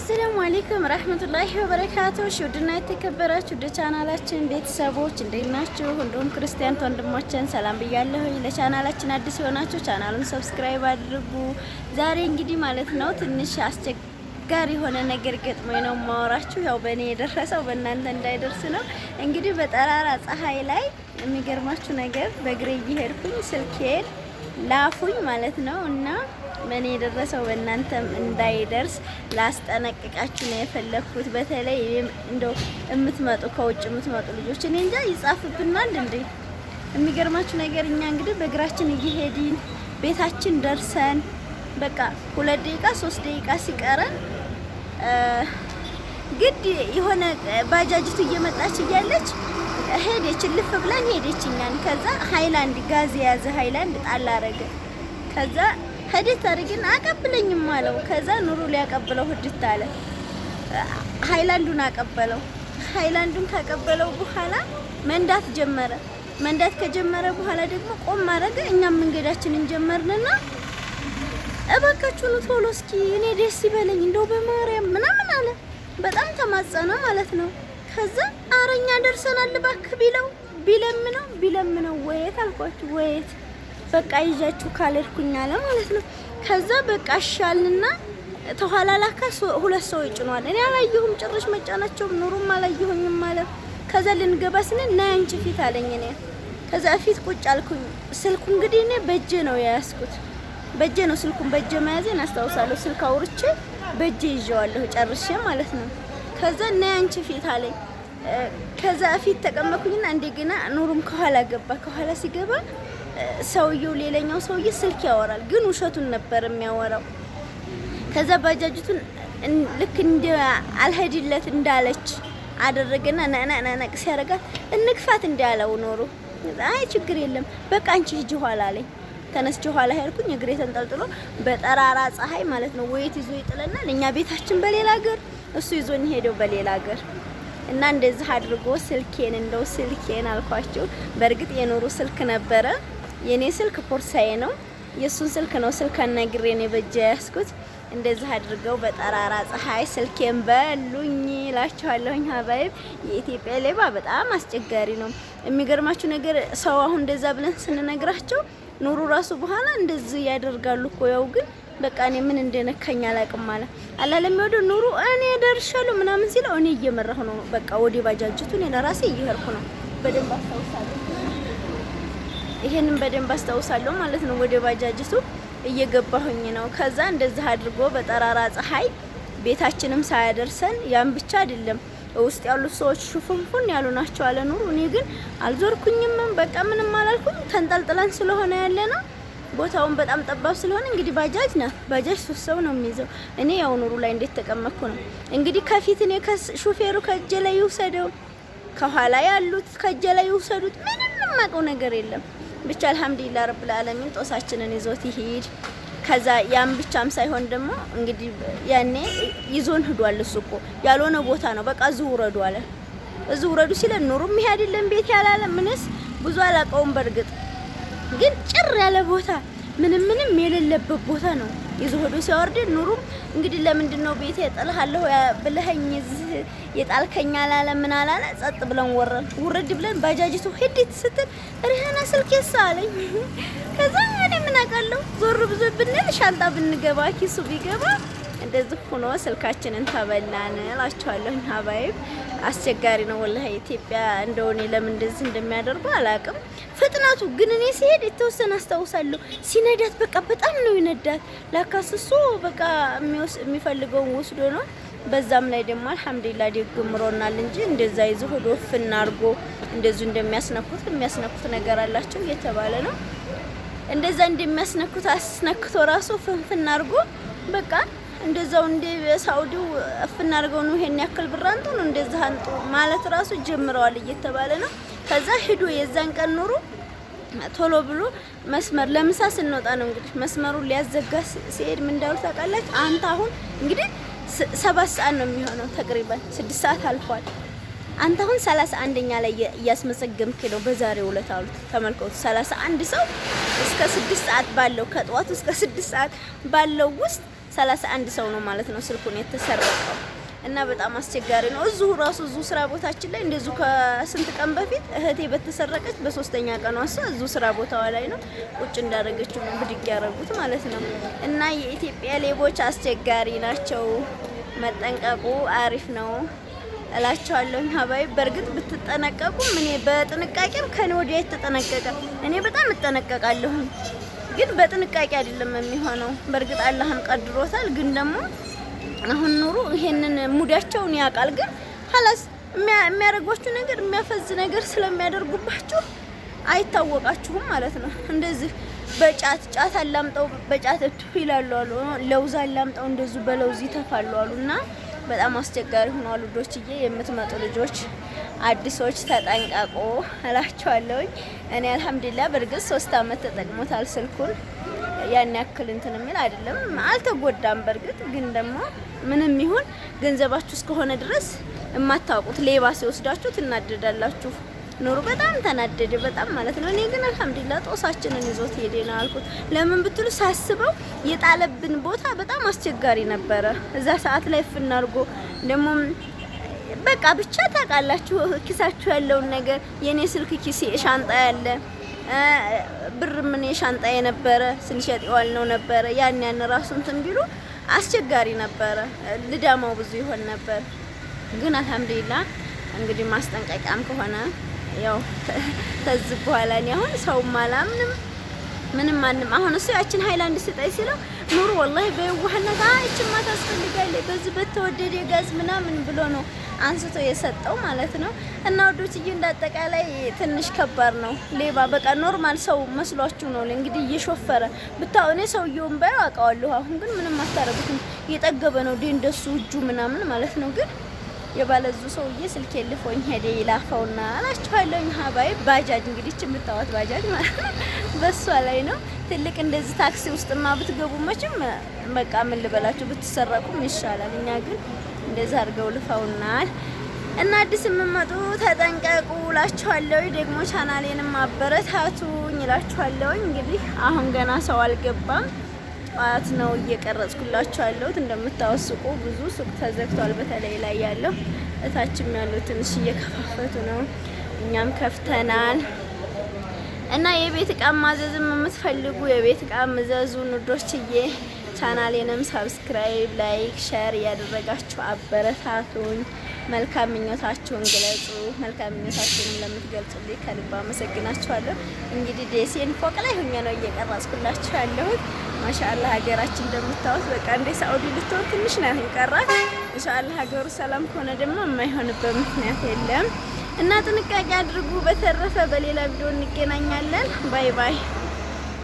አሰላሙ አሌይኩም ረህመቱላሂ ወበረካቱ። ውድና የተከበራችሁ ውድ ቻናላችን ቤተሰቦች እንዴት ናችሁ? እንዲሁም ክርስቲያን ወንድሞችን ሰላም ብያለሁ። ለቻናላችን አዲስ የሆናችሁ ቻናሉን ሰብስክራይብ አድርጉ። ዛሬ እንግዲህ ማለት ነው ትንሽ አስቸጋሪ የሆነ ነገር ገጥሞኝ ነው የማወራችሁ። ያው በእኔ የደረሰው በእናንተ እንዳይደርስ ነው። እንግዲህ በጠራራ ፀሐይ ላይ የሚገርማችሁ ነገር በእግሬ እየሄድኩኝ ስልኬን ላፉኝ ማለት ነው እና ምን የደረሰው በእናንተም እንዳይደርስ ላስጠነቅቃችሁ ነው የፈለግኩት። በተለይ እንደው የምትመጡ ከውጭ የምትመጡ ልጆች እኔ እንጃ ይጻፍብናል እንዴ! የሚገርማችሁ ነገር እኛ እንግዲህ በእግራችን እየሄድን ቤታችን ደርሰን በቃ ሁለት ደቂቃ ሶስት ደቂቃ ሲቀረን ግድ የሆነ ባጃጅቱ እየመጣች እያለች ሄደች፣ ልፍ ብላኝ ሄደች እኛን። ከዛ ሀይላንድ ጋዝ የያዘ ሀይላንድ ጣል አረገ። ከዛ ህድት አድርግን አቀብለኝም አለው። ከዛ ኑሩ ሊያቀብለው ህድት አለ። ሀይላንዱን አቀበለው። ሀይላንዱን ካቀበለው በኋላ መንዳት ጀመረ። መንዳት ከጀመረ በኋላ ደግሞ ቆም አረገ። እኛም መንገዳችንን ጀመርንና እባካችሁን ቶሎ እስኪ እኔ ደስ ይበለኝ እንደው በማርያም ምናምን አለ። በጣም ተማጸነ ማለት ነው። ከዛ አረኛ ደርሰናል እባክህ ቢለው ቢለምነው ቢለምነው ወየት አልኳችሁ ወየት በቃ ይዣችሁ ካልሄድኩኝ አለ ማለት ነው። ከዛ በቃ ሻልና ተኋላ ላካ ሁለት ሰው ይጭኗል። እኔ አላየሁም ጭርሽ መጫናቸውም ኑሩም አላየሁኝም ማለት ከዛ ልንገባ ስንል ና አንቺ ፊት አለኝ። እኔ ከዛ ፊት ቁጭ አልኩኝ። ስልኩ እንግዲህ እኔ በእጄ ነው የያዝኩት፣ በእጄ ነው ስልኩን በእጄ መያዜን አስታውሳለሁ። ስልክ አውርቼ በእጄ ይዤዋለሁ ጨርሼ ማለት ነው። ከዛ ና አንቺ ፊት አለኝ። ከዛ ፊት ተቀመኩኝና እንደገና ኑሩም ከኋላ ገባ። ከኋላ ሲገባ ሰውየው ሌላኛው ሰውዬ ስልክ ያወራል፣ ግን ውሸቱን ነበር የሚያወራው። ከዛ ባጃጅቱን ልክ እንደ አልሄድለት እንዳለች አደረገና ናናናናቅ ሲያደርጋት እንግፋት እንዳለው ኖሮ አይ ችግር የለም በቃ አንቺ ሂጂ ኋላ አለኝ። ተነስቼ ኋላ ሄድኩኝ። እግሬ ተንጠልጥሎ በጠራራ ፀሐይ ማለት ነው ወይት ይዞ ይጥለናል። እኛ ቤታችን በሌላ ሀገር፣ እሱ ይዞን ሄደው በሌላ ሀገር እና እንደዚህ አድርጎ ስልኬን እንደው ስልኬን አልኳቸው። በእርግጥ የኖሩ ስልክ ነበረ። የኔ ስልክ ፖርሳዬ ነው፣ የሱን ስልክ ነው ስልክ አናግሬ ነው በእጄ ያስኩት። እንደዚህ አድርገው በጠራራ ፀሐይ ስልኬን በሉኝ እላችኋለሁኝ። ሀባይብ የኢትዮጵያ ሌባ በጣም አስቸጋሪ ነው። የሚገርማችሁ ነገር ሰው አሁን እንደዛ ብለን ስንነግራቸው ኑሩ ራሱ በኋላ እንደዚህ ያደርጋሉ እኮ ያው ግን በቃ እኔ ምን እንደነካኝ አላቅም። ማለት አላለም ወደ ኑሩ እኔ ደርሻለሁ ምናምን ሲለው እኔ እየመራሁ ነው። በቃ ወደ ባጃጅቱ እኔ ለራሴ እየሄድኩ ነው። በደንብ አስታውሳለሁ። ይሄንን በደንብ አስታውሳለሁ ማለት ነው። ወደ ባጃጅቱ እየገባሁኝ ነው። ከዛ እንደዚህ አድርጎ በጠራራ ፀሐይ ቤታችንም ሳያደርሰን ያን ብቻ አይደለም ውስጥ ያሉት ሰዎች ሹፍንፉን ያሉ ናቸው አለ ኑሩ። እኔ ግን አልዞርኩኝም፣ በቃ ምንም አላልኩም። ተንጠልጥለን ስለሆነ ያለ ነው። ቦታውን በጣም ጠባብ ስለሆነ እንግዲህ ባጃጅ ነ ባጃጅ ሶስት ሰው ነው የሚይዘው። እኔ ያው ኑሩ ላይ እንዴት ተቀመጥኩ ነው እንግዲህ። ከፊት እኔ ሹፌሩ ከእጄ ላይ ይውሰደው፣ ከኋላ ያሉት ከእጄ ላይ ይውሰዱት። ምንም የማውቀው ነገር የለም። ብቻ አልሐምዱሊላህ ረብል ዓለሚን ጦሳችንን ይዞት ይሂድ። ከዛ ያም ብቻም ሳይሆን ደግሞ እንግዲህ ያኔ ይዞን ህዷል። እሱ እኮ ያልሆነ ቦታ ነው በቃ እዚሁ ውረዱ አለ። እዚሁ ውረዱ ሲለን ኑሩም ይሄ አይደለም ቤት ያላለ ምንስ ብዙ አላውቀውም። በእርግጥ ግን ጭር ያለ ቦታ ምንም ምንም የሌለበት ቦታ ነው ይዞ ሂዶ ሲያወርድ ኑሩም እንግዲህ ለምንድን ነው ቤቴ እጥልሃለሁ ብለኸኝ እዚህ የጣልከኝ አላለ ምን አላለ። ጸጥ ብለን ወረን ውርድ ብለን ባጃጅቱ ሄዲት ስትል ሪሃና ስልክ አለኝ። ከዛ እኔ ምን አውቃለሁ ዞር ብዙ ብንል ሻንጣ ብንገባ ኪሱ ቢገባ እንደዚህ ሆኖ ስልካችንን ተበላን እላችኋለሁ። ሀባይብ አስቸጋሪ ነው ወላሂ። ኢትዮጵያ እንደሆነ ለምን እንደዚህ እንደሚያደርጉ አላውቅም። ፍጥነቱ ግን እኔ ሲሄድ የተወሰነ አስታውሳለሁ። ሲነዳት በቃ በጣም ነው ይነዳት። ላካስ እሱ በቃ የሚፈልገውን ወስዶ ነው። በዛም ላይ ደግሞ አልሐምዱሊላህ ደግምሮናል እንጂ እንደዛ ይዞ ሆዶ ፍና አድርጎ እንደዚሁ እንደሚያስነኩት የሚያስነኩት ነገር አላቸው እየተባለ ነው። እንደዛ እንደሚያስነኩት አስነክቶ ራሱ ፍንፍን አድርጎ በቃ እንደዛው እንደ ሳውዲው እፍናርገው ነው ይሄን ያክል ብር አንጡ ነው እንደዛ አንጡ ማለት ራሱ ጀምረዋል እየተባለ ነው። ከዛ ሂዶ የዛን ቀን ኑሩ ቶሎ ብሎ መስመር ለምሳ ስንወጣ ነው እንግዲህ መስመሩን ሊያዘጋ ሲሄድ ምን እንዳሉ ታውቃላችሁ? አንተ አሁን እንግዲህ ሰባት ሰዓት ነው የሚሆነው ተቅሪበን ስድስት ሰዓት አልፏል። አንተ አሁን ሰላሳ አንደኛ ላይ እያስመዘገምክ ነው በዛሬው ዕለት አሉት። ተመልከቱ ሰላሳ አንድ ሰው እስከ ስድስት ሰዓት ባለው ከጠዋቱ እስከ ስድስት ሰዓት ባለው ውስጥ ሰላሳ አንድ ሰው ነው ማለት ነው ስልኩን የተሰረቀው እና በጣም አስቸጋሪ ነው። እዚሁ ራሱ እዚሁ ስራ ቦታችን ላይ እንደዚሁ ከስንት ቀን በፊት እህቴ በተሰረቀች በሶስተኛ ቀኗ እሷ እዚሁ ስራ ቦታዋ ላይ ነው ቁጭ እንዳደረገችው ነው ብድግ ያደረጉት ማለት ነው። እና የኢትዮጵያ ሌቦች አስቸጋሪ ናቸው። መጠንቀቁ አሪፍ ነው እላቸዋለሁ። ሀባይ በእርግጥ ብትጠነቀቁ እኔ በጥንቃቄም ከኔ ወዲያ የተጠነቀቀ እኔ በጣም እጠነቀቃለሁ። ግን በጥንቃቄ አይደለም የሚሆነው። በእርግጥ አላህም ቀድሮታል። ግን ደግሞ አሁን ኑሩ ይሄንን ሙዳቸውን ያውቃል። ግን ሀላስ የሚያደርጓችሁ ነገር የሚያፈዝ ነገር ስለሚያደርጉባችሁ አይታወቃችሁም ማለት ነው። እንደዚህ በጫት ጫት አላምጠው በጫት እቱ ይላሉ አሉ። ለውዝ አላምጠው እንደዙ በለውዝ ይተፋሉ አሉ እና በጣም አስቸጋሪ ሆኗል። ልጆችዬ የምትመጡ ልጆች አዲሶች ተጠንቀቁ እላቸዋለሁኝ። እኔ አልሐምዱሊላ በእርግጥ ሶስት አመት ተጠቅሞታል ስልኩን ያን ያክል እንትን የሚል አይደለም፣ አልተጎዳም። በእርግጥ ግን ደግሞ ምንም ይሁን ገንዘባችሁ እስከሆነ ድረስ የማታውቁት ሌባ ሲወስዳችሁ ትናደዳላችሁ። ኑሩ በጣም ተናደደ፣ በጣም ማለት ነው። እኔ ግን አልሐምዱሊላ ጦሳችንን ይዞት ነው አልኩት። ለምን ብትሉ ሳስበው የጣለብን ቦታ በጣም አስቸጋሪ ነበረ። እዛ ሰዓት ላይ ፍናርጎ ደግሞ በቃ ብቻ ታውቃላችሁ፣ ኪሳችሁ ያለውን ነገር የኔ ስልክ ኪስ ሻንጣ ያለ ብር ምን ሻንጣ የነበረ ስንሸጥ ነው ነበረ። ያን ያን ራሱ እንትን ቢሉ አስቸጋሪ ነበረ፣ ልዳማው ብዙ ይሆን ነበር። ግን አልሐምዱሊላ እንግዲህ ማስጠንቀቂያም ከሆነ ያው ከዚህ በኋላ እኔ አሁን ሰውም አላምንም። ምንም ማንም አሁን እሱ ያችን ሃይላንድ ስጠኝ ሲለው ኑሩ ወላሂ በየዋህነት እችማ ታስፈልጋለች በዚህ በተወደደ ጋዝ ምናምን ብሎ ነው አንስቶ የሰጠው ማለት ነው። እና ወዶች እዬ እንዳጠቃላይ ትንሽ ከባድ ነው። ሌባ በቃ ኖርማል ሰው መስሏችሁ ነው እንግዲህ እየሾፈረ ብታውኔ ሰውየውን ባየው አውቀዋለሁ። አሁን ግን ምንም አታረጉትም። እየጠገበ ነው እንደሱ እጁ ምናምን ማለት ነው ግን የባለዙ ሰውዬ ስልክ የልፎኝ ሄደ ይላፈውና አላችኋለሁ። ሀባይ ባጃጅ እንግዲህ የምታወት ባጃጅ ማለት ላይ ነው። ትልቅ እንደዚህ ታክሲ ውስጥማ ብትገቡ መቼም በቃ ምን ልበላችሁ ብትሰረቁም ይሻላል። እኛ ግን እንደዚህ አድርገው ልፈውናል። እና አዲስ የምመጡ ተጠንቀቁ እላችኋለሁ። ደግሞ ቻናሌንም አበረታቱኝ እላችኋለሁ። እንግዲህ አሁን ገና ሰው አልገባም። ጠዋት ነው እየቀረጽኩላችሁ ያለሁት። እንደምታወስቁ ብዙ ሱቅ ተዘግቷል። በተለይ ላይ ያለው እታችም ያለው ትንሽ እየከፋፈቱ ነው። እኛም ከፍተናል እና የቤት እቃ ማዘዝም የምትፈልጉ የቤት እቃ ምዘዙ ንዶችዬ ቻናሌንም ሰብስክራይብ፣ ላይክ፣ ሼር እያደረጋችሁ አበረታቱኝ። መልካም ምኞታችሁን ግለጹ። መልካም ምኞታችሁንም ለምትገልጹልኝ ከልብ አመሰግናችኋለሁ። እንግዲህ ደሴን ፎቅ ላይ ሁኜ ነው እየቀረጽኩላችሁ ያለሁት። ማሻአላህ ሀገራችን እንደምታወት በቃ እንደ ሳኡዲ ልትሆን ትንሽ ናት የቀራት። ኢንሻአላህ ሀገሩ ሰላም ከሆነ ደግሞ የማይሆንበት ምክንያት የለም እና ጥንቃቄ አድርጉ። በተረፈ በሌላ ቪዲዮ እንገናኛለን። ባይ ባይ።